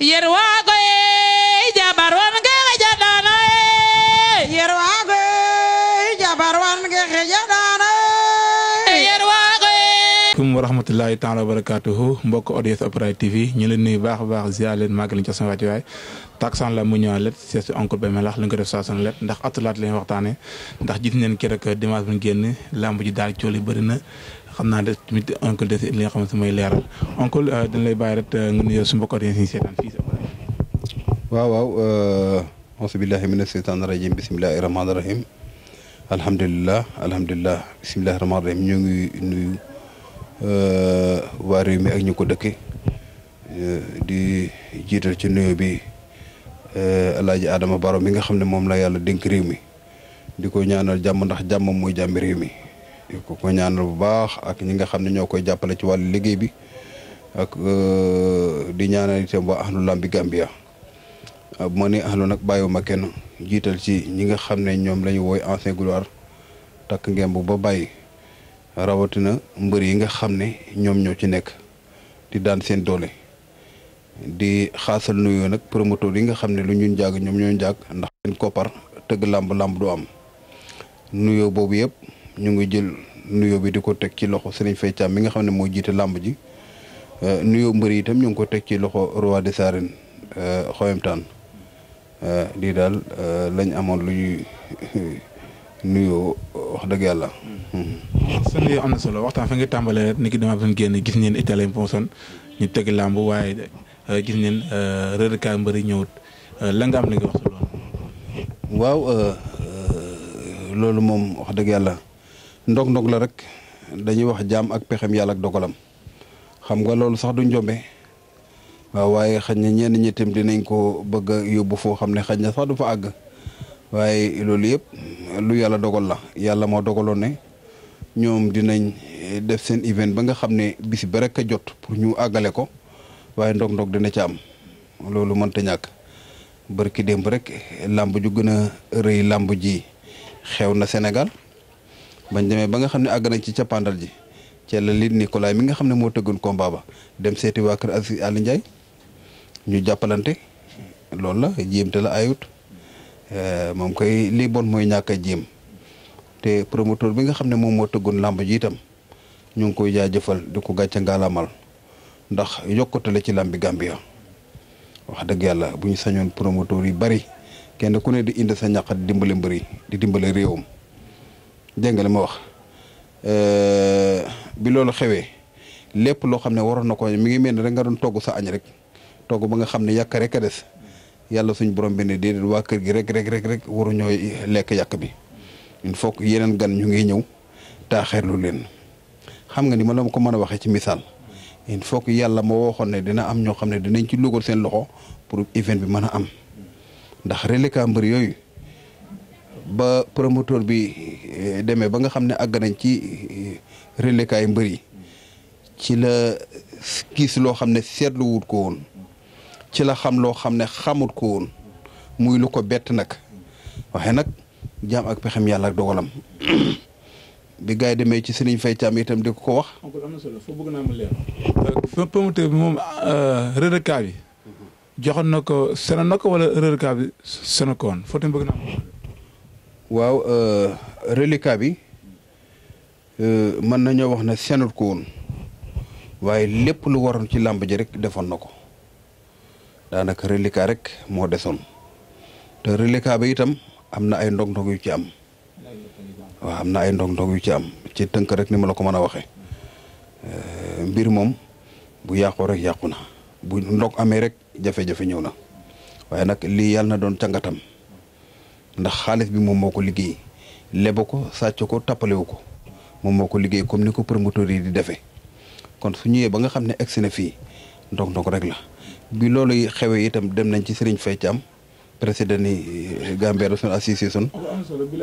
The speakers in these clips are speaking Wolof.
yerwago e jabar wange xeƴaɗana e yerwago e jabar wange xeƴaɗana e yerwago e kum wa rahmatullahi taala wa barakatuhu mbokk audience Apparail TV ñu leen nuyu baax a baax ziar leen màgg leen ca sama wàcc waay taksan la mu ñëwaat lépp c'est encore ba melax li nga ko def saa son lépp ndax atulaat lañ waxtaane ndax gis ngeen keroog dimanche bu ñu génn lamb ji daal cool yi bëri na xam naa de tamit encore des li nga xamante mooy leeral encore euh, dañ lay bàyyi rek euh, nga nuyoo su mbokk yi si seetaan fii waaw waaw euh, auzu billahi mina seytaani rajim bismillahi rahmaani rahim alhamdulilah alhamdulilah bismillahi rahmaani rahim ñoo ngi nuyu waa réew mi ak ñu ko dëkke di jiital ci nuyo bi laaj Adama Baro mi nga xam ne moom la yàlla dénk réew mi di ko ñaanal jàmm ndax jàmm mooy jàmmi réew mi ko ko ñaanal bu baax ak ñi nga xam ne ñoo koy jàppale ci wàllu liggéey bi ak euh, di ñaanal itam waa ahlu làmbi Gambia bu ma nee ahlu nag kenn jiital ci ñi nga xam ne ñoom la ñu wooy ancien gloire takk ngemb ba bàyyi rawatina mbër yi nga xam ne ñoom ñoo ci nekk di daan seen doole di xaasal nuyoo nag promoteur yi nga xam ne lu ñun jàgg ñoom ñoo jàgg ndax seen koppar tëgg làmb làmb du am nuyo boobu yëpp. ñu ngi jël nuyoo bi di ko teg ci loxo Serigne Faye Thiam mi nga xam ne moo jiite lamb ji euh, nuyoo mbër yi itam ñu ngi ko teg ci loxo roi des arènes euh, xoyamtaan euh, lii daal lañ amoon lu ñuy nuyoo wax dëgg yàlla. seen yooyu na solo waxtaan fa nga tàmbalee ni ki damaa doon génn gis ngeen italien Ponson ñu teg làmb waaye gis ngeen rërëkaay mbër yi am li nga waaw loolu moom wax dëgg yàlla. ndog-ndog la rek dañuy wax jaam ak pexem yàlla ak dogalam xam nga loolu sax du njombe waaw waaye xañ na ñenn ñi dinañ ko bëgg a yóbbu foo xam ne xañ na sax du fa àgg waaye loolu yëpp lu yàlla dogal la yàlla moo dogaloon ne ñoom dinañ def seen event ba nga xam ne bis ba rek a jot pour ñu àggale ko waaye ndog-ndog dina ci am loolu mënta ñàkk barki démb rek làmb ju gën a rëy làmb ji xew na Sénégal. bañ demee ba nga xam ne àgg nañ ci cappaandal ji ci la Luc Nicolaï mi nga xam ne moo tëggoon combat ba dem seeti waa kër Aziz Aly Ndiaye ñu jàppalante loolu la jéem te la ayut euh, moom koy lii bon mooy ñàkk a jéem te promoteur bi nga xam ne moom moo tëggoon làmb ji itam ñu ngi koy jëfal di ko gàcca ngaalamal ndax yokkute la ci làmbi Gambia wax dëgg yàlla bu ñu sañoon promoteur yi bari kenn ku ne di indi sa ñaq di dimbale mbëri di dimbale réewam. dégg nga li ma wax euh, bi loolu xewee lépp loo xam ne waroon na ko mi ngi mel ne rek nga doon togg sa añ rek togg ba nga xam ne yàq rek a des yàlla suñ borom bi ne déedéet waa kër gi rek rek rek rek waruñoo lekk yàq bi il faut yeneen gan ñu ngi ñëw taaxeerlu leen xam nga ni ma la ko mën a waxee ci misaal il faut yàlla moo waxoon ne dina am ñoo xam ne dinañ ci lugal seen loxo pour event bi mën a am ndax reliquat mbër yooyu. ba promoteur bi eh, demee ba nga xam ne àgg ci eh, relekaayu mbër yi ci la gis loo xam ne seetluwut ko woon ci la xam loo xam ne xamut ko woon muy lu ko bett nag waxe nag jaam ak pexem yàlla ak dogalam bi gars yi demee ci sëriñ Fay Caam itam di ko ko wax. am na naa euh, bi moom euh, relekaay bi mhm. joxoon na ko sena na ko wala relekaay bi waaw euh, reliquat bi euh, mën nañoo wax ne seenut ko woon waaye lépp lu waron ci làmb ji rek defoon na ko daanaka reliquat rek moo desoon te reliquat bi itam am na ay ndog-ndog yu ci am am na ay ndog-ndog yu ci am ci tënk rek ni ma la ko mën a waxee euh, mbir moom bu yàqoo rek yàqu na bu ndog amee rek jafe-jafe ñëw na waaye nag lii yàlla na doon cangatam ndax xaalis bi moom moo ko liggéey lebu ko sàcc ko tappalewu ko moom moo ko liggéey comme ni ko promoteur yi di defee kon su ñëwee ba nga xam ne egg si na fii ndog ndog rek la bi loolu xewee tam dem nañ ci Serigne Faye Thiam ni Gambeer suñu association. am solo bi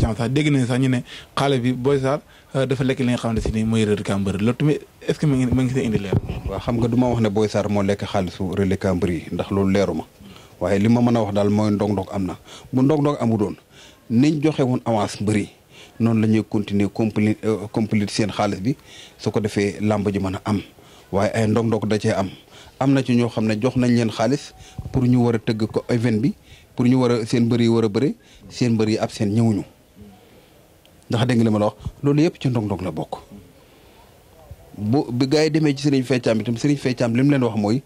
sax dégg nañ sax ñu ne xaale bi Boy Sarr eh, dafa lekk li nga ne mooy réer Kambër loolu tamit est ce que ma ma ngi see indi leer. waaw xam nga du ma wax ne Boy moo lekk xaalisu réer Kambër yi ndax loolu leeruma waaye li ma mën a wax daal mooy ndog-ndog am na bu ndog-ndog amu doon niñ joxe woon avance bëri noonu la ñuy continuer compli euh, compléter seen xaalis bi soo ko defee làmb ji mën a am waaye ay ndog-ndog da cee am am na ci ñoo xam ne jox nañ leen xaalis pour ñu war a tëgg ko event bi pour ñu war a seen mbër yi war a bëri seen mbër yi ab seen ñëwuñu ndax dégg nga li ma la wax loolu yëpp ci ndog-ndog la bokk bu bi gars yi demee ci Serigne Feccaam itam Serigne Feccaam li mu leen wax mooy.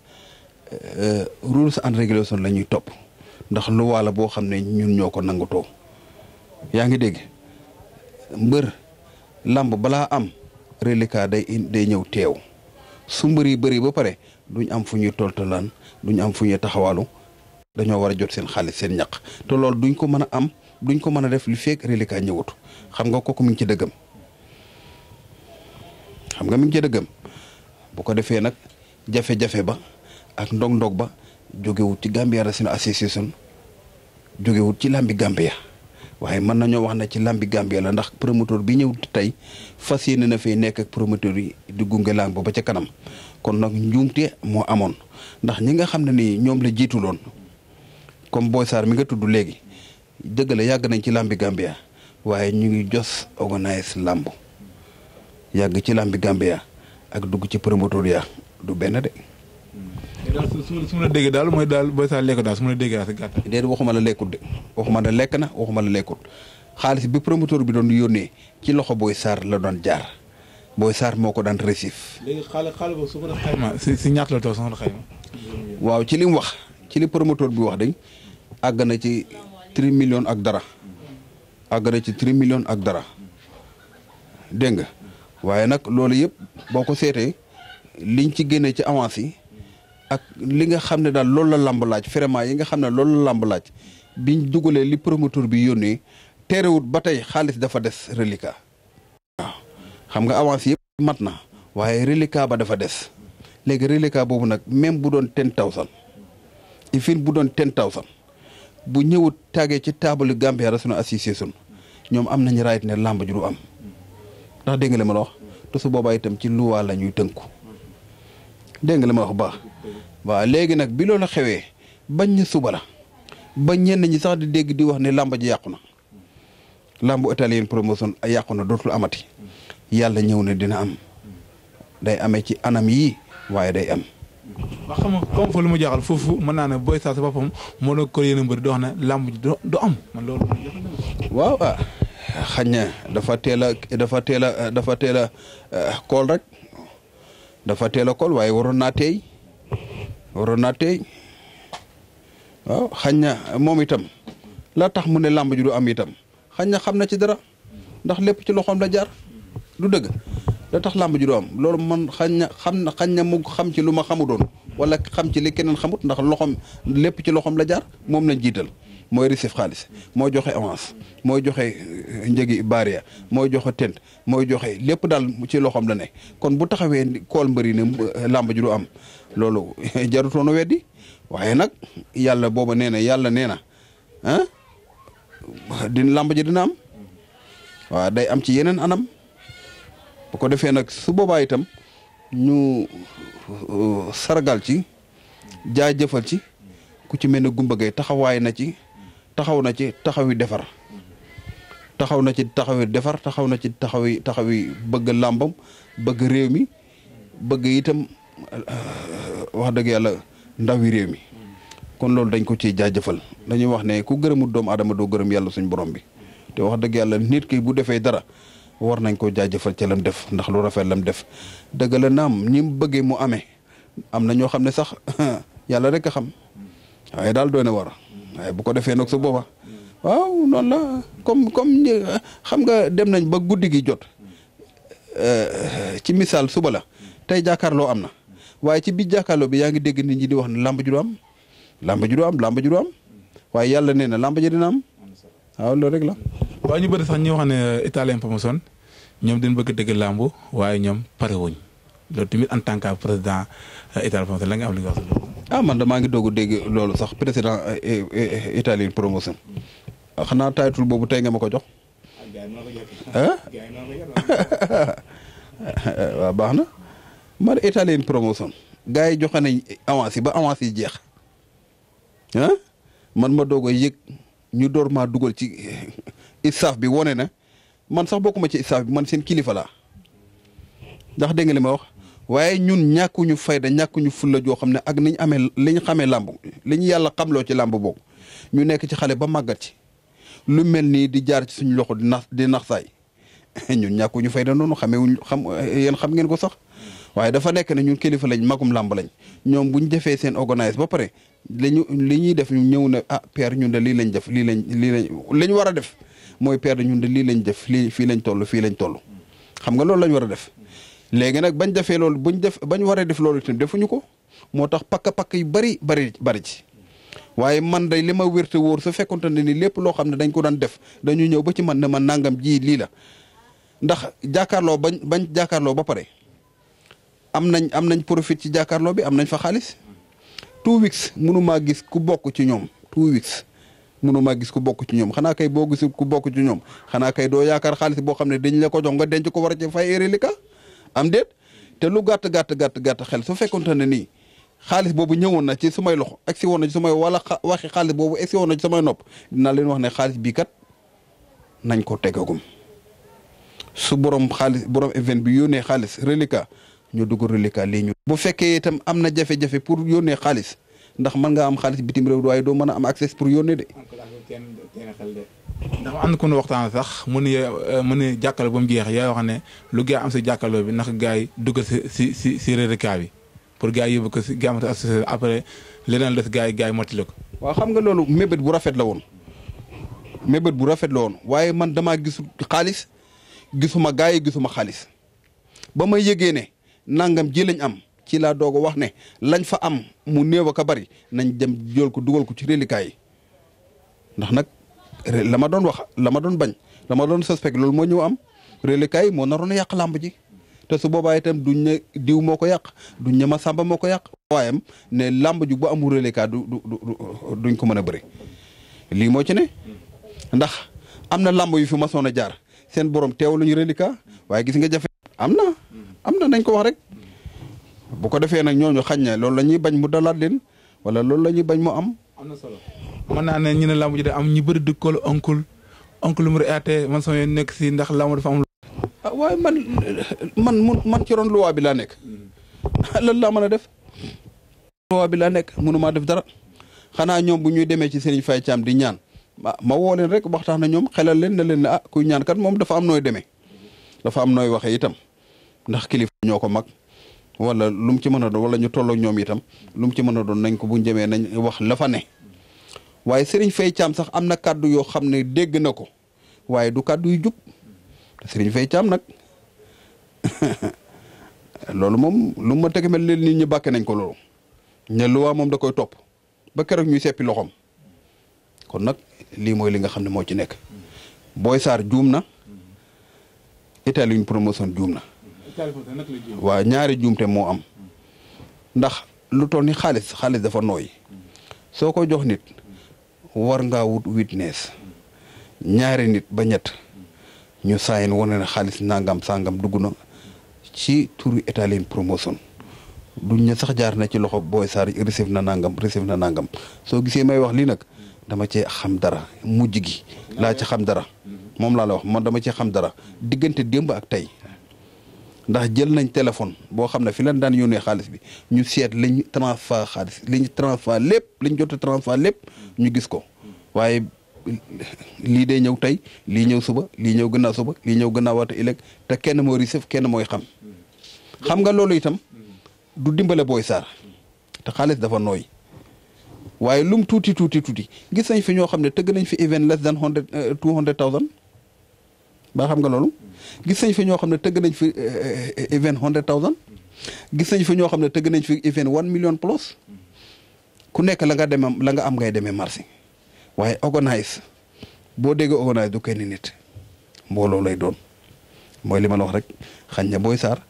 Euh, sa and regulation la ñuy topp ndax lu waala boo xam ne ñun ñoo ko nangutoo yaa ngi dégg mbër làmb balaa am reliquat day day ñëw teew su mbër yi bëri ba pare duñ am fu ñuy toltolaan duñ am fu ñuy taxawaalu dañoo war a jot seen xaalis seen ñaq te loolu duñ ko mën a am duñ ko mën a def lu feeg reliquat ñëwut xam nga kooku mi ngi ci dëggam xam nga mi ngi gëm bu ko defee nag jafe-jafe ba ak ndog-ndog ba jógewut ci Gambia Wrestling Association jógewut ci làmbi Gambia waaye mën nañoo wax na ci làmbi Gambia la ndax promoteur bi ñëw tey fas yéene na fee nekk ak promoteur yi di gunge làmb ba ca kanam kon nag njuumte moo amoon ndax ñi nga xam ne ni ñoom la jiituloon comme Boy Sarr mi nga tudd léegi dëgg la yàgg nañ ci làmbi Gambia waaye ñu ngi jos organise làmb yàgg ci làmbi Gambia ak dugg ci promoteur ya du benn de. su ma la déggee daal mooy daal booy saa lekk daal su ma la déggee daal si gàttal. déedéet waxuma la lekkut de waxuma la lekk na waxuma la lekkut xaalis bi promoteur bi doon yónnee ci loxo booy saar la doon jaar booy saar moo ko daan récif. léegi xaalis xaalis boobu su ko def xayma si si ñaata la toog soxna xayma. waaw ci li mu wax ci li promoteur bi wax dañ àgg na ci 3 millions ak dara àgg na ci 3 millions ak dara dégg nga waaye nag loolu yëpp boo ko seetee liñ ci génnee ci avance yi. ak li nga xam ne daal loolu la lamb laaj vraiment yi nga xam ne loolu la lamb laaj biñ dugalee li promoteur bi yónnee terewut ba tey xaalis dafa des reliquat. xam nga avance yëpp mat na waaye reliquat ba dafa des léegi reliquat boobu nag même bu doon ten thousand ifin bu doon ten thousand bu ñëwut tàggee ci taabalu Gambia National Association ñoom am nañu raayit ne làmb juru am ndax dégg nga la wax te su boobaa itam ci luwaa la ñuy tënku dégg waaw léegi nag bi loolu xewee bañ ñu suba la ba ñenn ñi sax di dégg di wax ne làmb ji yàqu na làmbu italien promotion yàqu na dootul amati yàlla ñëw ne dina am day amee ci anam yii waaye day am. ba xam nga lu ma jaaxal foofu mën naa ne booy saa boppam moo la ko yéen a mbër di wax ne du am waaw ah xañ na dafa teel a dafa teel a dafa teel a eh, kool rek dafa teel a kool waaye waroon naa teey waroon naa teey waaw xañ na moom itam la tax mu ne làmb ji du am itam xañ na xam na ci dara ndax lépp ci loxoom la jaar du dëgg la tax làmb ji du am loolu man xañ na xam na xañ na mu xam ci lu ma doon wala xam ci li keneen xamut ndax loxoom lépp ci loxoom la jaar moom lañ jiital mooy recif xaalis mooy joxe avance mooy joxe euh, njëgi baria mooy joxe tent mooy joxe lépp daal ci loxoom la ne kon bu taxawee kool mbëri ne euh, làmb ji du am loolu jarutoon a weddi waaye nag yàlla booba nee na yàlla nee na ah di làmb dina am waaw day am ci yeneen anam bu ko defee nag su boobaa itam ñu euh, sargal ci jaajëfal ci ku ci mel ne Gumba Gay taxawaay na ci taxaw na ci taxawi defar taxaw na ci taxawi defar taxaw na ci taxawi taxawi bëgg làmbam bëgg réew mi bëgg yitam euh, wax dëgg yàlla ndawi réew mi kon loolu dañ ko ciy jaajëfal dañuy wax ne ku gërëmu doomu adama doo gërëm yàlla suñ borom bi te wax dëgg yàlla nit ki bu defee dara war nañ ko jaajëfal ci lam def ndax lu rafet lam def dëgg la naam ñi bëggee mu amee am na ñoo xam ne sax yàlla rek a xam waaye daal doone war waaye bu ko defee nag su booba waaw noonu la comme comme xam nga dem nañ ba guddi gi jot eh, ci misaal suba la tey loo am na waaye ci biir jàkkaarloo bi yaa ngi dégg nit ñi di wax ne làmb ji du am làmb ji du am waaye yàlla nee na làmb ji dina am waaw loolu rek la. waaye ñu bëri sax ñu wax ne Italien Promotion ñoom dañ bëgg a làmb waaye ñoom pare wuñ loolu tamit en tant que président eh, Italien Promotion la nga am li nga wax ah man damaa ngi doog a dégg loolu sax président eh, eh, eh, italien promotion ah, xanaa taytul boobu tey nga ma ko jox. ah baax na man italien promotion gars yi joxe nañ avance ba avance yi jeex ah man ma doog a yëg ñu door ma dugal ci istaaf bi wone na man sax bokkuma ci istaaf bi man seen kilifa laa ndax dégg wax. waaye ñun ñàkkuñu fayda ñàkkuñu fulla joo xam ne ak niñ amee liñ xamee làmb li ñu yàlla xamloo ci làmb boobu ñu nekk ci xale ba màggat ci lu mel nii di jaar ci suñu loxo di nax di naxsaay ñun ñàkkuñu fayda noonu xamewuñ xam yéen xam ngeen ko sax waaye dafa nekk ne ñun kilifa lañ magum làmb lañ ñoom bu ñu defee seen organise ba pare li ñu li ñuy def ñu ñëw na ah père ñun de lii lañ def lii lañ lii lañ li ñu war a def mooy ñun de lii lañ def lii fii lañ toll fii lañ toll xam nga loolu lañ war a def léegi nag bañ defee loolu buñ def bañ waree def loolu itam defuñu ko moo tax pakk pakk yu bari bari bari ci waaye man day li ma wérte wóor su fekkonte ne ni lépp loo xam ne dañ ko daan def dañu ñëw ba ci man ne ma nangam ji lii la ndax jàkkaarloo bañ bañ jàkkaarloo ba pare am nañ am nañ profit ci jàkkaarloo bi am nañ fa xaalis two weeks munu maa gis ku bokk ci ñoom two weeks munu maa ku bokk ci xanaa kay boo gisul ku bokk ci ñoom xanaa kay doo yaakaar xaalis boo xam ne dañ la ko jox nga denc ko war a ci fay érélika am déet te lu gàtt gàtt gàtt gàtt xel su fekkonte ne nii xaalis boobu ñëwoon na ci sumay loxo egsi woon na ci sumay wala waxi xaalis boobu egsi woon na ci sumay nopp dinaa leen wax ne xaalis bii kat nañ ko tegagum su borom xaalis borom event bi yónnee xaalis reliquat ñu dugu reliquat lii ñu. bu fekkee itam am na jafe-jafe pour yónnee xaalis. ndax mën ngaa am xaalis bitim réew waaye doo mën a am accès pour yónnee de. ndax am na ku ñu waxtaan sax mu ne euh, mu ne jàkkaarloo ba mu jeex yaa wax ne lu gaa am si jàkkaarloo bi ndax gaa yi duggal si si si si bi pour gaa yi yóbbu si gaa ma associé après leneen la si gaa yi gaa yi mottali ko. waaw xam nga loolu mébét bu rafet la woon mébét bu rafet la woon waaye man damaa gisul xaalis gisuma gaa yi gisuma xaalis ba may yëgee ne nangam ji lañ am. ci laa doog a wax ne lañ fa am mu néew a ka bari nañ dem jël ko dugal ko ci reliquat ndax nag la ma doon wax la ma doon bañ la doon suspect loolu moo ñëw am reliquat yi moo naroon a yàq làmb ji te su boobaa itam duñ ne diw moo ko yàq duñ ne Masamba moo ko yàq waayam ne làmb ji bu amul reliquat du duñ ko mën a bëri lii moo ci ne ndax am na làmb yu fi masoon a jaar seen borom teewaluñu reliquat waaye gis nga jafe am na am na nañ ko wax rek bu ko defee nag ñooñu xañ na loolu la ñuy bañ mu dalaat leen wala loolu la ñuy bañ mu am. am na solo mën naa ne ñu ne làmb ji de am ñu bëri dëkkoolu oncle oncle mu reyaatee man sama nekk si ndax làmb dafa am. ah waaye man man man ci ron luwaa bi laa nekk hmm. lan laa mën a def. bi laa nekk mënumaa def dara xanaa ñoom bu ñuy demee ci Serigne Faye Thiam di ñaan ma woo leen rek waxtaan na ñoom xelal leen na leen ne ah kuy ñaan kat moom dafa am nooy demee dafa am nooy waxee itam ndax kilif ñoo ko mag. wala lu mu ci mën a doon wala ñu tolloog ñoom itam lu mu ci mën a doon nañ ko bu ñu jëmee nañ wax la fa ne waaye Serigne Faye caam sax am na kàddu yoo xam ne dégg na ko waaye du kàddu yu jub te Serigne caam nag loolu moom lu ma teg mel leen nit ñi bàkke nañ ko loolu ne luwaa moom da koy topp ba keroog ñuy seppi loxoom kon nag lii mooy li nga xam ne moo ci nekk Boy Sarr juum na Italie promotion juum na waaw ñaari juumte moo am ndax lu toll ni xaalis xaalis dafa nooy soo ko jox nit war nga wut witness ñaari nit ba ñett ñu saayin wane ne xaalis nangam sangam dugg na ci turu Etalin promotion duñ ne sax jaar na ci loxo booy Sarr receive na nangam receive na nangam soo gisee may wax lii nag dama cee xam dara mujj gi laa ci xam dara moom laa la wax man dama cee xam dara diggante démb ak tey ndax jël nañ téléphone boo xam ne fi leen daan yónnee xaalis bi ñu seet li ñu transfert xaalis li ñu transfert lépp lañ ñu jot transfert lépp ñu gis ko waaye lii day ñëw tey lii ñëw suba lii ñëw gën gannaaw suba lii ñëw gannaaw waata ëllëg te kenn moo risif kenn mooy xam xam nga loolu itam du dimbale booy saar te xaalis dafa nooy waaye lum tuuti tuuti tuuti gis nañ fi ñoo xam ne tëgg nañ fi event less than hundred eh, two hundred thousand ba xam nga loolu gis nañ fi ñoo xam ne tëgg nañ fi euh, euh, event hundred thousand gis nañ fi ñoo xam ne tëgg nañ fi event one million plus ku nekk la nga dem la nga am ngay demee marché waaye organise boo déggee organise du kenn nit mbooloo lay doon mooy li ma la wax rek xañ na Boy Sarr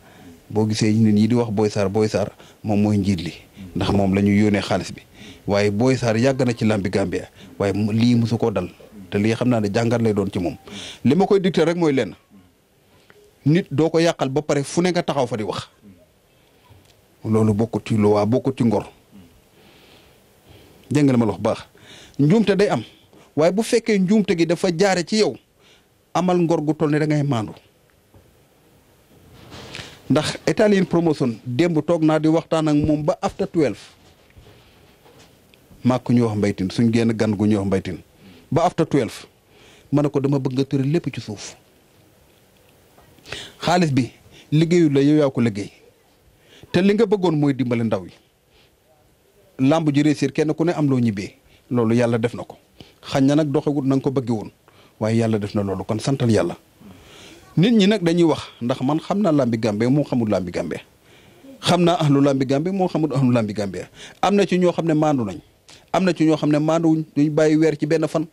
boo gisee nit ñi di wax Boy Sarr Boy Sarr moom mooy njiit li ndax moom la ñu yónnee xaalis bi waaye Boy Sarr yàgg na ci làmbi Gambia waaye lii mosu koo dal te lii xam naa ne jàngat lay doon ci moom li ma koy dicté rek mooy lenn. nit doo ko yàqal ba pare fu ne nga taxaw fa di wax loolu bokkut ci luwaa bokkut ci ngor dégg nga la ma wax baax njuumte day am waaye bu fekkee njuumte gi dafa jaare ci yow amal ngor gu toll ne da ngay maandu ndax Italian promotion démb toog naa di waxtaan ak moom ba after 12 maa ñu wax mbaytin suñ génn gan gu ñu wax mbaytin ba after 12 ma ne ko dama bëgg nga tëral lépp ci suuf. xaalis bi liggéeyul la yow yaa ko liggéey te li nga bëggoon mooy dimbale ndaw yi làmb ji réussir kenn ku ne am loo ñibbee loolu yàlla def na ko xañ na nag doxewut na nga ko bëgge woon waaye yàlla def na loolu kon santal yàlla nit ñi nag dañuy wax ndax man xam naa làmbi Gambie moo xamul làmbi Gambie xam naa ahlu làmbi Gambie moo xamul ahlu làmbi Gambie am na ci ñoo xam ne maandu nañ am na ci ñoo xam ne maanduwuñ duñ bàyyi weer ci benn fan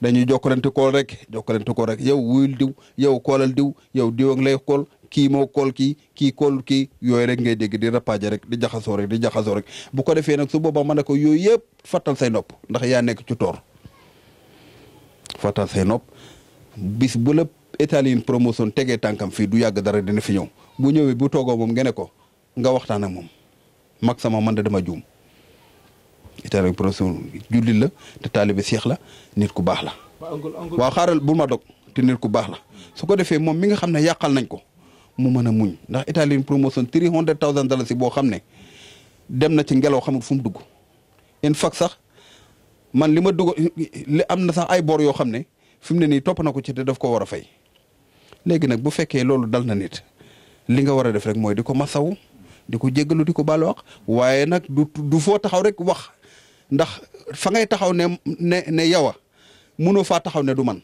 dañuy jokkalante rek jokkalante kool rek yow wuyul diw yow koolal diw yow diw lay kool kii moo kool kii kii kool kii yooyu rek ngay dégg di rapaaje rek di jaxasoo rek di jaxasoo rek bu ko defee nag su boobaa ma ne ko yooyu yëpp fattal say nopp ndax yaa nekk ci toor fattal say nopp bis bu la Italian promotion tegee tànkam fii du yàgg dara dina fi ñëw bu ñëwee bu toogoo moom ngene ko nga waxtaan ak moom mag sama man de dema juum itam rek professeur jullit la te taalibe seex la nit ku baax la. waaw xaaral bul ma dog te nit ku baax la su ko defee moom mi nga xam ne yàqal nañ ko mu mën a muñ ndax italien promotion three hundred thousand dollars si boo xam ne dem na ci ngelaw xamul fu mu dugg. in fact sax man li ma dugg am na sax ay bor yoo xam ne fi mu ne nii topp na ko ci te daf ko war a fay léegi nag bu fekkee loolu dal na nit li nga war a def rek mooy di ko masaw di ko jéggalu di ko baalu waaye nag du foo taxaw rek wax. ndax fa ngay taxaw ne ne ne yow a munoo faa taxaw ne du man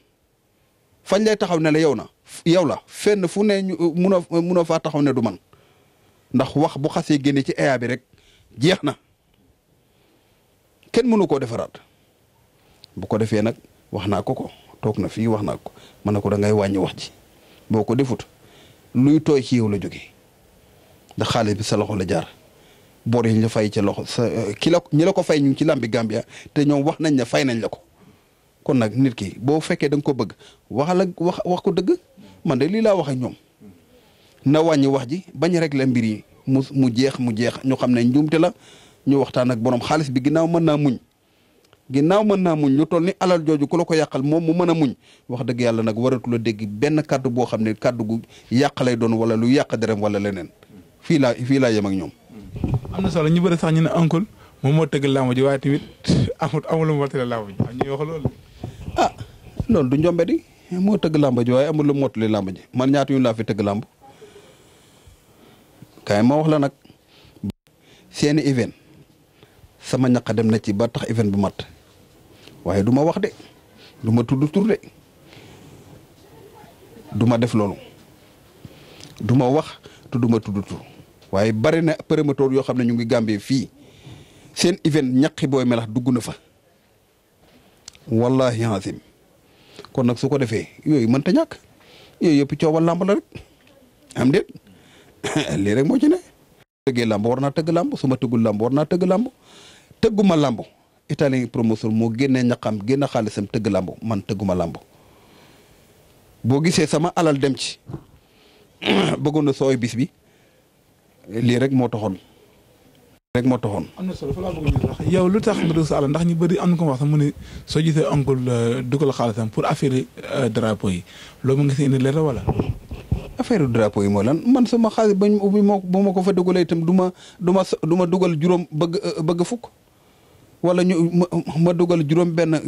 fañ lay taxaw ne la yow na yow la fenn fu ne munoo munoo faa taxaw ne du man ndax wax bu xasee génne ci aya bi rek jeex na kenn mënu koo defaraat bu ko defee nag wax naa ko ko toog na fii wax naa ko ma ne ko da ngay wàññi wax ji boo ko defut luy tooy ci yow la jógee ndax xaalis bi sa loxo la jaar. bor yi ñu fay ci loxo sa ki la ñi la ko fay ñu ngi ci làmbi Gambia te ñoom wax nañ ne fay nañ la ko kon nag nit ki boo fekkee da nga ko bëgg waxal ak wax wax ko dëgg man de lii laa waxe ñoom na wàññi wax ji bañ rek la mbir yi mu mu jeex mu jeex ñu xam ne njuumte la ñu waxtaan ak borom xaalis bi ginnaaw mën naa muñ. ginnaaw mën naa muñ lu toll ni alal jooju ku la ko yàqal moom mu mën a muñ wax dëgg yàlla nag waratu la dégg benn kàddu boo xam ne kàddu gu yàq lay doon wala lu yàq derem wala leneen fii laa fii laa ñoom. am na solo ñu bëri sax ñu ne Oncle moom moo tëgg làmb ji waaye tamit amul amul lu wax loolu. ah du njombe moo tëgg làmb ji waaye amul lu mu mottali ji man ñaata yoon laa fi tëgg kaay ma wax la nag. seeni event sama ñaq dem na ci ba tax event bu mat waaye du ma wax de du ma tudd de du ma def loolu du ma wax te duma ma waaye bari na promoteur yoo xam ne ñu ngi Gambie fii seen event ñaqi booy melax dugg na fa wallahi azim kon nag su ko defee yooyu mënta ñàkk yooyu yëpp coowal làmb la rek am déet lii rek moo ci ne. tëggee làmb war naa tëgg làmb su ma tëggul làmb war naa tëgg làmb tëgguma làmb italien promotion moo génnee ñaqam génne xaalisam tëgg làmb man tëgguma làmb boo gisee sama alal dem ci bëggoon na sooy bis bi lii rek moo taxoon rek moo taxoon. am na solo fa yow lu tax Madoum Sall ndax ñu bëri am sax mu ne soo gisee oncle euh, dugal xaalisam pour affaire euh, drapeau yi loolu nga si indi leer wala. yi mooy man sama xaalis bañ ubbi moo ba ma ko fa dugalee itam du ma du ma dugal juróom bëgg euh, bëgg fukk. wala ñu ma dugal juróom benn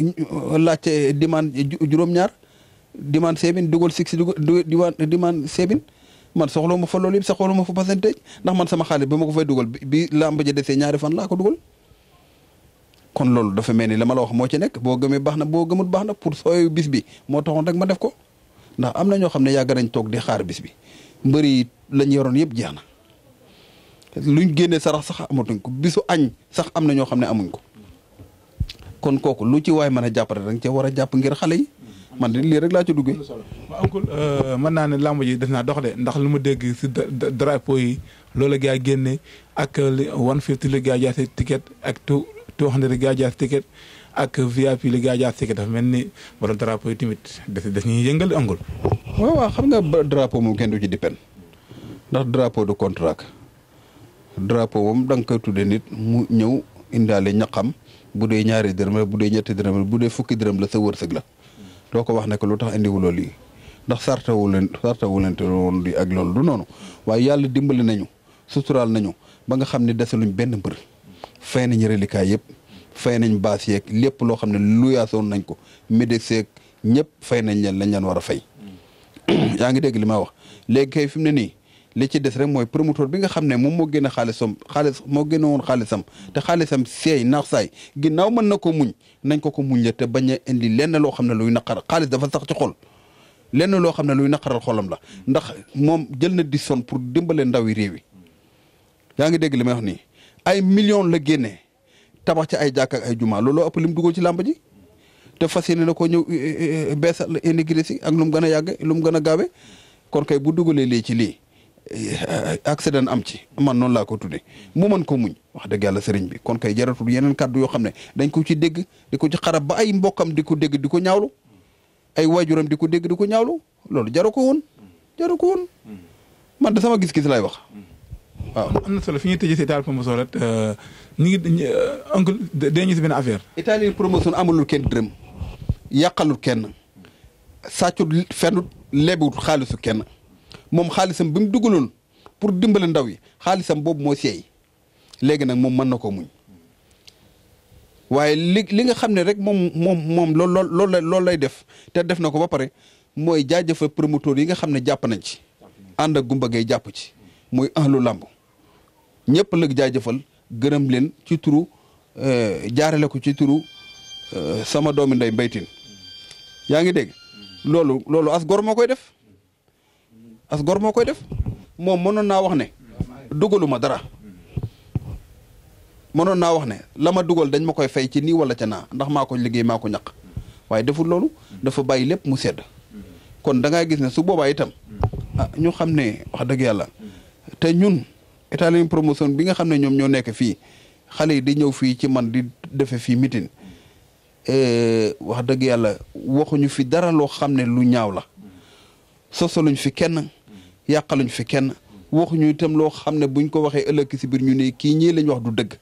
laajte demande juróom-ñaar demande seebin dugal six dugal demande seebin man soxla ma fa loolu yëpp soxla ma fa pourcentage ndax man sama xaalis bi ma ko fay dugal bi làmb ja desee ñaari fan laa loolu dafa mel ni la ma la wax moo ci nekk boo gëmee baax na boo gëmut baax na pour sooy bis bi moo taxoon rek ma def ko ndax am na ñoo xam ne yàgg nañ toog di xaar bis bi mbër yi lañ yoroon yëpp jeex na luñ génne sarax sax amatuñ ko bisu añ sax am na ñoo xam ne amuñ ko kon kooku lu ci waay mën a jàpp rek cee war a jàpp ngir xale yi. man de lii rek laa ci duggee. waaw uncle euh, mën naa ne làmb ji def naa dox de ndax lu ma dégg si drapeau yi loolu gaa génne ak euh, li 150 la gaa jaay si ak 200 la gaa jaay si ak VIP la gaa jaay si mel ni wala drapeau yi tamit des des ñuy yëngal uncle. waaw waaw xam nga drapeau moom kenn du ci ndax drapeau de contrat drapeau moom da nga tuddee nit mu ñëw indaale ñaqam bu dee ñaari dërëm la bu dee ñetti dërëm la bu dee fukki dërëm la sa wërsëg la. doo ko wax ne ko lu tax indiwuloo lii ndax sartawu leen sartawu leen te woon di ak loolu du noonu waaye yàlla dimbali nañu suturaal nañu ba nga xam ne desaluñ benn mbër fay nañ relikaay yëpp fay nañ baas yeeg lépp loo xam ne luyaasoon nañ ko médecin ñëpp fay nañ leen lañ leen war a fay yaa ngi dégg li ma wax léegi kay fi mu ne nii li ci des rek mooy bi nga xam ne moom moo gën a xaalisam xaalis moo gën a woon xaalisam te xaalisam seey naax saay ginnaaw mën na ko muñ nañ ko ko muñ la bañ a indi lenn loo xam ne luy naqar xaalis dafa sax ci xol loo xam ne luy naqaral xolam la ndax moom jël na di son pour dimbale ndawi réew yi yaa ngi dégg li may wax ay million la génne tabax ci ay jàkk ak ay juma looloo ëpp lim dugal ci làmb te fas yéene na ko ñëw eh, eh, eh, beesal indi si ak lu mu gën a yàgg lu mu gën a gaawe kon kay bu dugalee lii ci lii Eh, accident am ci man noonu laa ko tuddee mu mën ko muñ wax dëgg yàlla sëriñ bi kon kay jaratul yeneen kàddu yoo xam ne dañ ko ci dégg di ko ci xarab ba ay mbokkam di ko dégg di ko ñaawlu ay waajuram di ko dégg di ko ñaawlu loolu jaru ko woon jaru ko woon man de sama gis-gis lay wax waaw. am na solo fi ñuy tëjee si Italie promotion rek euh, ñu ngi euh, oncle dañuy si benn affaire. Italie promotion amalul kenn dërëm yàqalul kenn sàccul fenn lebut xaalisu kenn. moom xaalisam bi mu dugaloon pour dimbale ndaw yi xaalisam boobu moo seey léegi nag moom mën na ko muñ waaye li li nga xam ne rek moom moom moom lool lool loolu lay def te def na ko ba pare mooy jaajëfal promoteur yi nga xam ne jàpp nañ ci ànd ak gumba gay jàpp ci muy ahlu làmb ñëpp lëg jaajëfal gërëm leen ci turu euh, jaarale ko ci turu euh, sama doomi nday mbaytin yaa ngi dégg loolu loolu as gor moo koy def as gor moo koy def moom mënoon naa wax ne dugaluma dara mënoon naa wax ne la ma dugal dañ ma koy fay ci nii wala ca naa ndax maa ko liggéey maa ñaq waaye deful loolu dafa bàyyi lépp mu sedd kon dangay gis ne su boobaa itam ah ñu xam ne wax dëgg yàlla te ñun état promotion bi nga xam ne ñoom ñoo nekke fii xale yi di ñëw fii ci man di defe fii mitin eh, wax dëgg yàlla waxuñu fi dara loo xam ne lu ñaaw la sosoluñ fi kenn yàqaluñ fi kenn waxuñu itam loo xam ne buñ ko waxee ëllëg si biir ñu ne kii ñii lañ wax du dëgg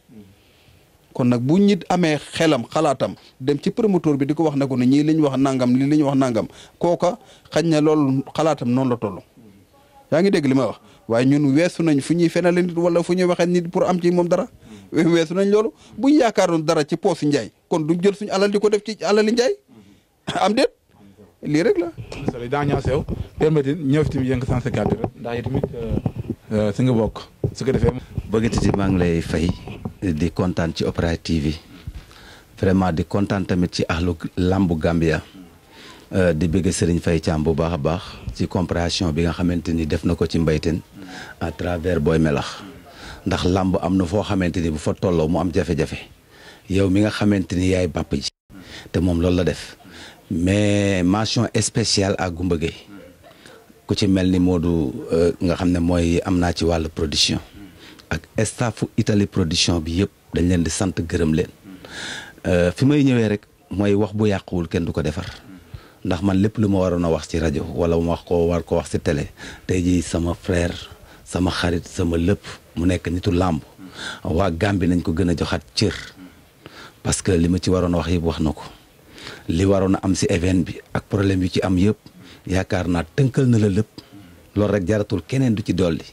kon nag bu nit amee xelam xalaatam dem ci promoteur bi di ko wax ne ko ne ñii liñ wax nangam lii liñ wax nangam kooka xañ na loolu xalaatam noonu la toll. yaa ngi dégg li ma wax waaye ñun weesu nañ fu ñuy fenale nit wala fu ñuy waxee nit pour am ci moom dara weesu nañ loolu buñ yaakaaroon dara ci poosu njaay kon duñ jël suñu alal di ko def ci alali njaay am déet. lii rek la. solo yi daa ñaaw sew permettre ñëw fi tamit yëngu 150 rek ndax yi tamit euh, euh, si nga bokk su ko defee. bëggati si maa ngi lay fay di kontaan ci opérative yi vraiment di kontaan tamit ci axlu làmbu Gambia euh, di bëgg Serigne Faye Thiam bu baax a baax ci compréhension bi nga xamante ni def na ko ci mbayteen à travers booy Melax ndax làmb am na foo xamante ni bu fa tolloo mu am jafe-jafe yow mi nga xamante ni yaay bàpp ji te moom loolu la def. mais mention spéciale ak Goumba Gueye ku ci mel ni Modou euh, nga xam ne mooy am naa ci wàllu production ak staffu itali production bi yëpp dañ leen di sant gërëm leen euh, fi may ñëwee rek mooy wax bu yàquwul kenn du ko defar ndax man lépp lu ma waroon a wax ci rajo wala ma wax ko war ko wax ci télé tey jii sama frère sama xarit sama lépp mu nekk nitu làmb waa Gàmbi nañ ko gën a joxaat cër parce que li ma ci waroon a wax yëpp wax na ko li waroon a am si event bi ak problème yu ci am yëpp yaakaar naa tënkal na la lépp loolu rek jaratul keneen du ci dolli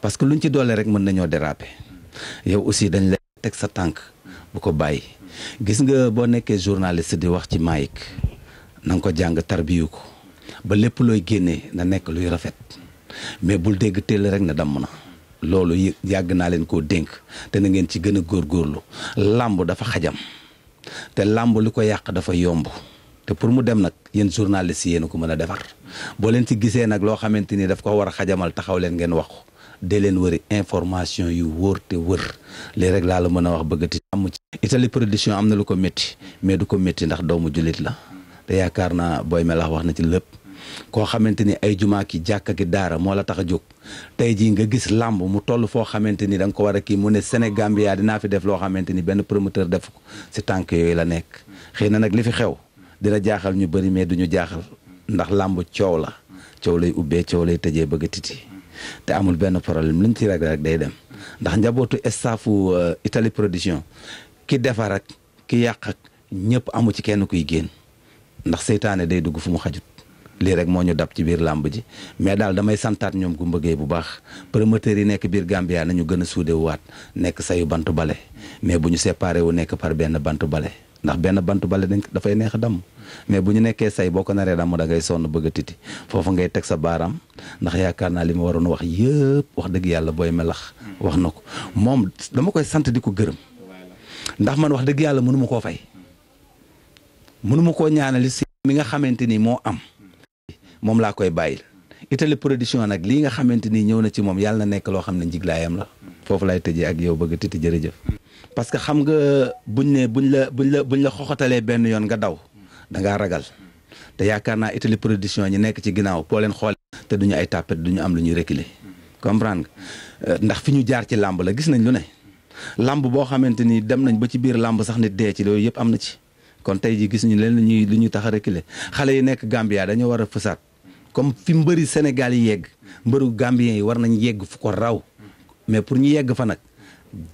parce que luñ ci dolli rek mën nañoo déraper yow aussi dañ la teg sa tànk bu ko bàyyi gis nga boo nekkee journaliste di wax ci maayik nanga ko jàng tarbiyu ko ba lépp looy génnee na nekk luy rafet mais bul dégg teel rek na damm na loolu yàgg naa leen koo dénk te na ngeen ci gën a góorlu làmb dafa xajam te làmb lu ko yàq dafa yomb te pour mu dem nag yéen journaliste yéen a ko mën a defar boo leen ci gisee nag loo xamante ni daf ko war a xajamal taxaw leen ngeen wax ko de leen wëri information yu wóor te wër lii rek laa la mën a wax bëggati am ci Italie production am na lu ko métti mais du ko métti ndax doomu jullit la te yaakaar naa booy melax wax na ci lépp koo xamante ni ay jumaa ki jàkka ki daara moo la tax a jóg tey jii nga gis làmb mu toll foo xamante ni da nga ko war a kii mu ne Sénégambia dinaa fi def loo xamante ni benn promoteur def ko si tànk yooyu la nekk xëy na nag li fi xew dina jaaxal ñu bëri mais duñu jaaxal ndax làmb coow la coow lay ubbee coow lay tëjee bëgg a titi te amul benn problème luñ ci rek rek day dem ndax njabootu staffu euh, itali production ki defar ak ki yàq ak ñëpp amu ci kenn kuy génn ndax seytaane day dugg fu mu xajut lii rek moo ñu dab ci biir làmb ji mais daal damay santaat ñoom ku mbëggee bu baax promoteurs yi nekk biir Gambia nañu gën a suude waat nekk sayu bant bale mais bu ñu séparé wu nekk par benn bant bale ndax benn bantu bale dañ dafay neex damm mais bu ñu nekkee say boo ko naree damm da sonn bëgg a titi foofu ngay teg sa baaraam ndax yaakaar naa li ma waroon wax yëpp wax dëgg yàlla booy melax wax na ko moom dama koy sant di ko gërëm ndax man wax dëgg yàlla mënuma koo fay mënu koo ñaanali si mi nga xamante ni moo am moom laa koy bàyyil Italie production nag lii nga xamante ni ñëw na ci moom yàlla na nekk loo xam ne njiglaayam la foofu lay tëjee ak yow bëgg titi jërëjëf parce que xam nga buñ ne buñ la buñ la buñ la xoxatalee benn yoon nga daw da ragal te yaakaar naa Italie production ñi nekk ci ginnaaw boo leen xool te duñu ay tàppet duñu am lu ñuy reculer comprendre euh, ndax fi ñu jaar ci làmb la gis nañ lu ne làmb boo xamante ni dem nañ ba ci biir làmb sax nit dee ci loolu yëpp am na ci kon tey ji gis ñu leen lu ñuy lu tax a reculer xale yi nekk Gambia dañoo war a fësaat comme fi mbëri Sénégal yi yegg mbëru Gambien yi war nañ yegg fu ko raw mais pour ñu yegg fa nag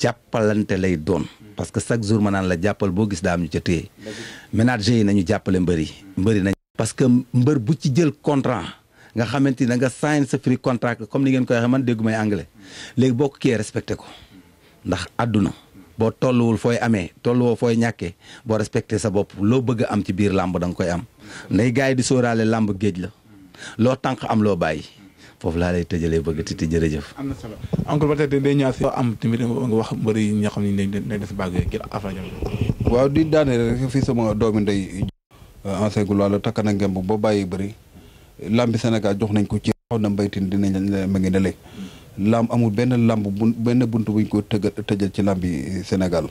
jàppalante lay doon parce que chaque jour ma naan la jàppal boo gis daa am ñu ca téye ménager yi nañu jàppale mbër mbëri mbëri nañ parce que mbër bu ci jël contrat nga xamante ni da nga sign sa free contrat comme ni ngeen koy waxee man déggu may anglais léegi boo ko kiyee respecté ko ndax adduna boo tolluwul fooy amee tolluwoo fooy ñàkkee boo respecté sa bopp loo bëgg am ci biir làmb da koy am nday la loo tànk am loo bàyyi foofu laa lay tëjalee bëgg titi jërëjëf. am na solo encore ba tey yi nga xam ne dañ dañ def bàgg waaw di daane rek fii sama doomi ndey. Euh, ancien gulwaa la takk na ngemb ba bàyyi bëri lambi Sénégal jox nañ ko ci xaw na mbaytin dinañ la ma ngi ne lay lamb amul lamb bu benn bunt buñ ko tëgg tëjal ci lambi Sénégal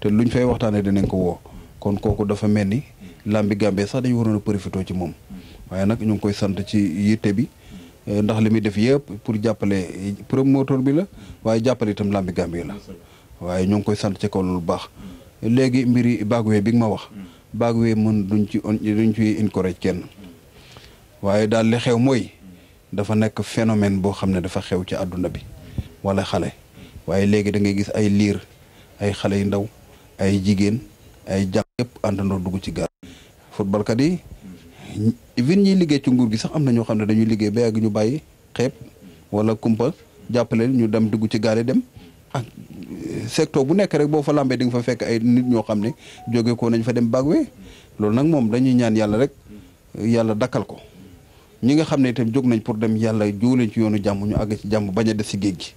te luñ fay waxtaanee dinañ ko woo kon kooku dafa mel ni lambi Gambie sax dañu waroon a profité ci moom waaye nag ñu ngi koy sant ci yitte bi eh, ndax li muy def yëpp pour jàppale promoteur bi la waaye jàppale itam làmbi Gambie la waaye ñu ngi koy sant ci kaw loolu baax léegi mbiri bagwe bi nga ma wax bagwe mën duñ ci duñ ci encourage kenn waaye daal li xew mooy dafa nekk phénomène boo xam ne dafa xew ci àdduna bi wala xale waaye léegi da ngay gis ay liir ay xale yu ndaw ay jigéen ay jàpp yëpp àndandoo dugg ci gaal footballkat yi biir ñuy liggéey ci nguur gi sax am na ñoo xam ne dañuy liggéey ba yàgg ñu bàyyi xeeb wala kumpa jàppaleel ñu dem dugg ci gaale dem ak ah, secteur bu nekk rek boo fa lambee di nga fa fekk ay nit ñoo xam ne jóge ko nañ fa dem bagwe loolu nag moom dañuy ñaan yàlla rek yàlla dakkal ko ñi nga xam ne itam jóg nañ pour dem yàlla jóoleen ci yoonu jàmm ñu àgg ci jàmm bañ a des si géej gi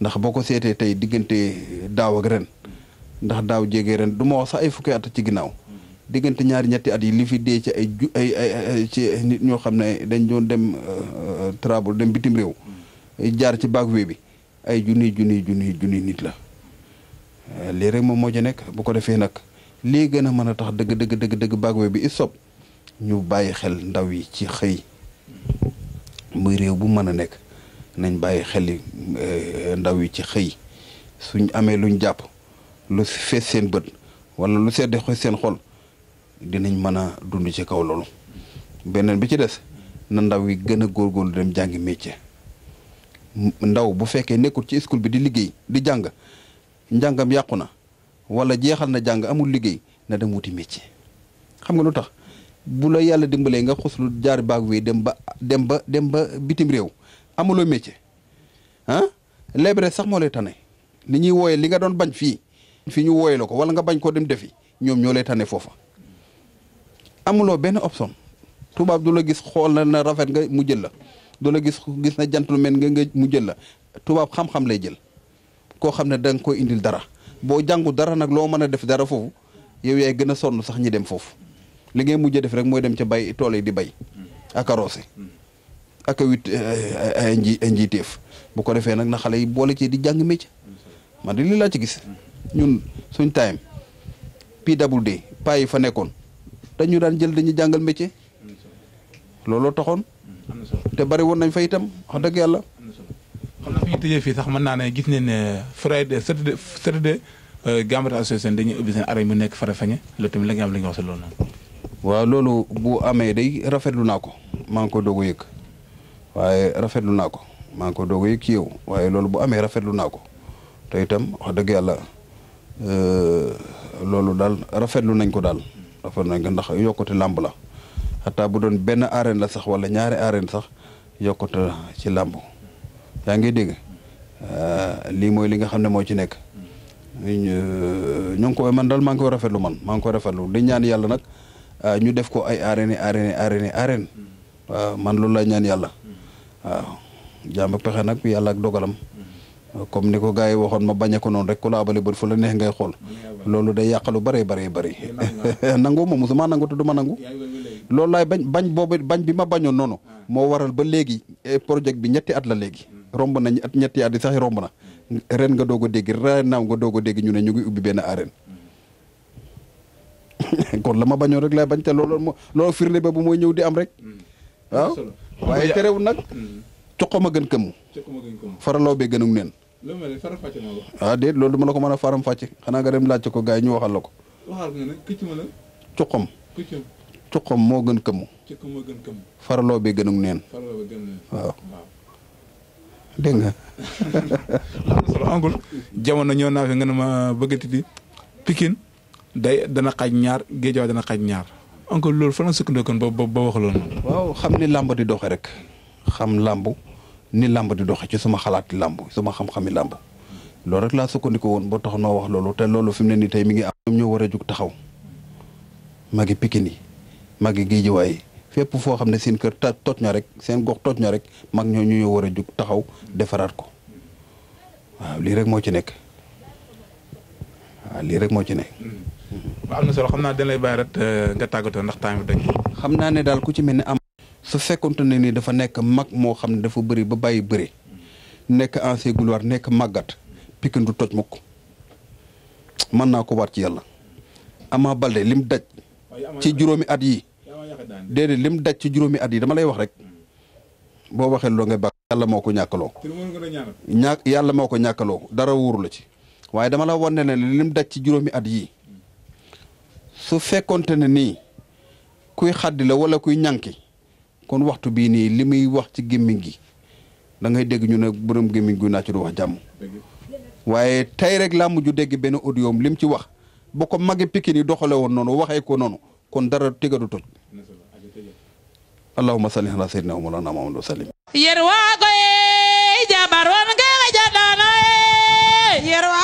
ndax boo ko seetee tey diggante daaw ak ren ndax daaw jege ren du ma wax sax ay fukki at ci ginnaaw diggante ñaari ñetti at yi li fi dee ci ay ju ay ay ci nit ñoo xam ne dañ doon dem euh, euh, travel dem bitim réew mm. jaar ci baag bi ay junni junni junniy junniy nit la euh, lii rek moom moo ci nekk bu ko defee nag lii gën a mën a tax dëgg dëgg dëgg dëgg bi i sob ñu bàyyi xel ndaw yi ci xëy muy réew bu mën a nekk nañ bàyyi xel ndaw yi ci xëy suñ amee luñ jàpp lu fees seen bët wala lu sedd seen xol dinañ mën a dund ci kaw loolu beneen bi ci des na ndaw yi gën a góor góorlu dem jàngi métier ndaw bu fekkee nekkul ci school bi di liggéey di jàng njàngam yàqu na wala jeexal na jàng amul liggéey na dem wuti métier xam nga lu tax bu la yàlla dimbalee nga xoslu jaar baag wi dem ba dem ba dem ba bitim réew amuloo métier ah lebre sax moo lay tane ni ñuy wooye li nga doon bañ fii fi ñu wooye la ko wala nga bañ koo dem defi ñoom ñoo lay tane foofa amuloo benn option tubaab du la gis xool na na rafet nga mu jël la du la gis gis na gentleman nga nga mu jël la tubaab xam-xam lay jël koo xam ne da nga koy indil dara boo jàngu dara nag loo mën a def dara foofu yow yaay gën a sonn sax ñi dem foofu li mu mujj def rek mooy dem ca bay tool di bay ak a roose ay eh, eh, eh, njiiteef bu ko defee nag na xale yi boole ci di jàng métier man de lii laa ci gis ñun suñ time PWD paa yi fa nekkoon dañu daal jël dañuy jàngal métier looloo taxoon. te bari woon nañ fa itam wax dëgg yàlla. xam fii sax mën naa ne gis nañ ne Friday Saturday Saturday euh, Gambia Association dañuy ubbi seen arène mu nekk Farafeñe loolu tamit la nga am li nga wax si waaw loolu bu amee day rafetlu naa ko maa ko doog a waaye rafetlu naa ko maa ngi ko doog a ci yow waaye loolu bu amee rafetlu naa ko itam wax dëgg yàlla euh, loolu daal rafetlu nañ ko daal. affaire na nga ndax yokkute làmb la xataa bu doon benn arène la sax wala ñaari arène sax yokkute ci làmb yaa ngi dégg euh, lii mooy li nga xam ne moo ci nekk euh, ñu ngi ko man daal maa ngi koy rafetlu man maa ngi koy rafetlu di ñaan yàlla nag euh, ñu def ko ay arène arène arène arène waaw man loolu la ñaan yàlla waaw jàmm ak pexe nag yàlla ak dogalam comme ni ko gars yi waxoon ma bañ a ko noonu rek ku laabale bët fu la neex ngay xool loolu day yàq lu bëree bëri bëri nangu ma musuma nangu te du ma nangu loolu laay bañ bañ boobu bañ bi ma bañoon noonu moo waral ba léegi eh, projet bi ñetti at la léegi romb na at ñetti at yi sax romb na ren nga doog a dégg ren doog a dégg ñu ne ñu ngi ubbi benn arène kon la ma bañoon rek laay bañ te loolu moo loolu firnde ba bu mooy ñëw di am rek mm. waaw waaye terewul nag mm. coqam ma gën këmm faraloo bee gënu neen lu mel ni faram ko. la ko mën a faram fàcce xanaa nga dem laajte ko gars yi ñu waxal la ko. waxal nga nag moo gën këmu. cuqam moo gën këmu. faraloo bi gënu neen. waaw. dégg nga. angul jamono ñëw naa fi nga ne ma bëggati bi Pikine day dana xaj ñaar Géejawaay dana xaj ñaar encore loolu fan la sukkandiku ba ba ba wax loolu. waaw xam ni làmb di doxe rek xam làmb. ni làmb di doxe ci sama xalaati làmb sama xam-xami làmb loolu rek laa sukkandiku woon boo tax noo wax loolu te loolu fi mu ne nii tey mi ngi am ñoom ñoo war a jug taxaw magi Pikine yi magi Géejawaay yi fépp foo xam ne seen kër toj na rek seen gox toj na rek mag ñoo ñu war a jug taxaw defaraat ko waaw lii rek moo ci nekk waaw lii rek moo ci nekk. waaw hmm. am na solo xam naa dañ lay bàyyi rek euh, nga tàggatoo ndax temps bi dañ xam naa ne daal ku ci mel ne am. su fekkonte ne nii dafa nekk mag moo xam ne dafa bëri ba bàyyi bëri nekk ancien gloire nekk màggat Pikine du toj mukk mën naa ko waat ci yàlla Ama Balde lim daj ci juróomi at yi déedéet lim daj ci juróomi at yi dama lay wax rek boo waxee loo ngay bàq yàlla moo ko ñàkkaloo ñàkk yàlla moo ko ñàkkaloo dara wóoru la ci waaye dama la wan ne lim daj ci juróomi at yi su fekkonte ne nii kuy xaddi la wala kuy ñànki kon waxtu bii nii li muy wax ci gémmiñ gi dangay ngay dégg ñu ne borom gémmiñ gu naa ci du wax jàmm waaye tey rek laa mujj dégg benn audio am lim ci wax ba ko magi Pikine yi doxale woon noonu waxee ko noonu kon dara tigadu toj allahumma salli ala sayyidina wa mawlana muhammad wa sallim yerwa ko jabaron ga jadana yerwa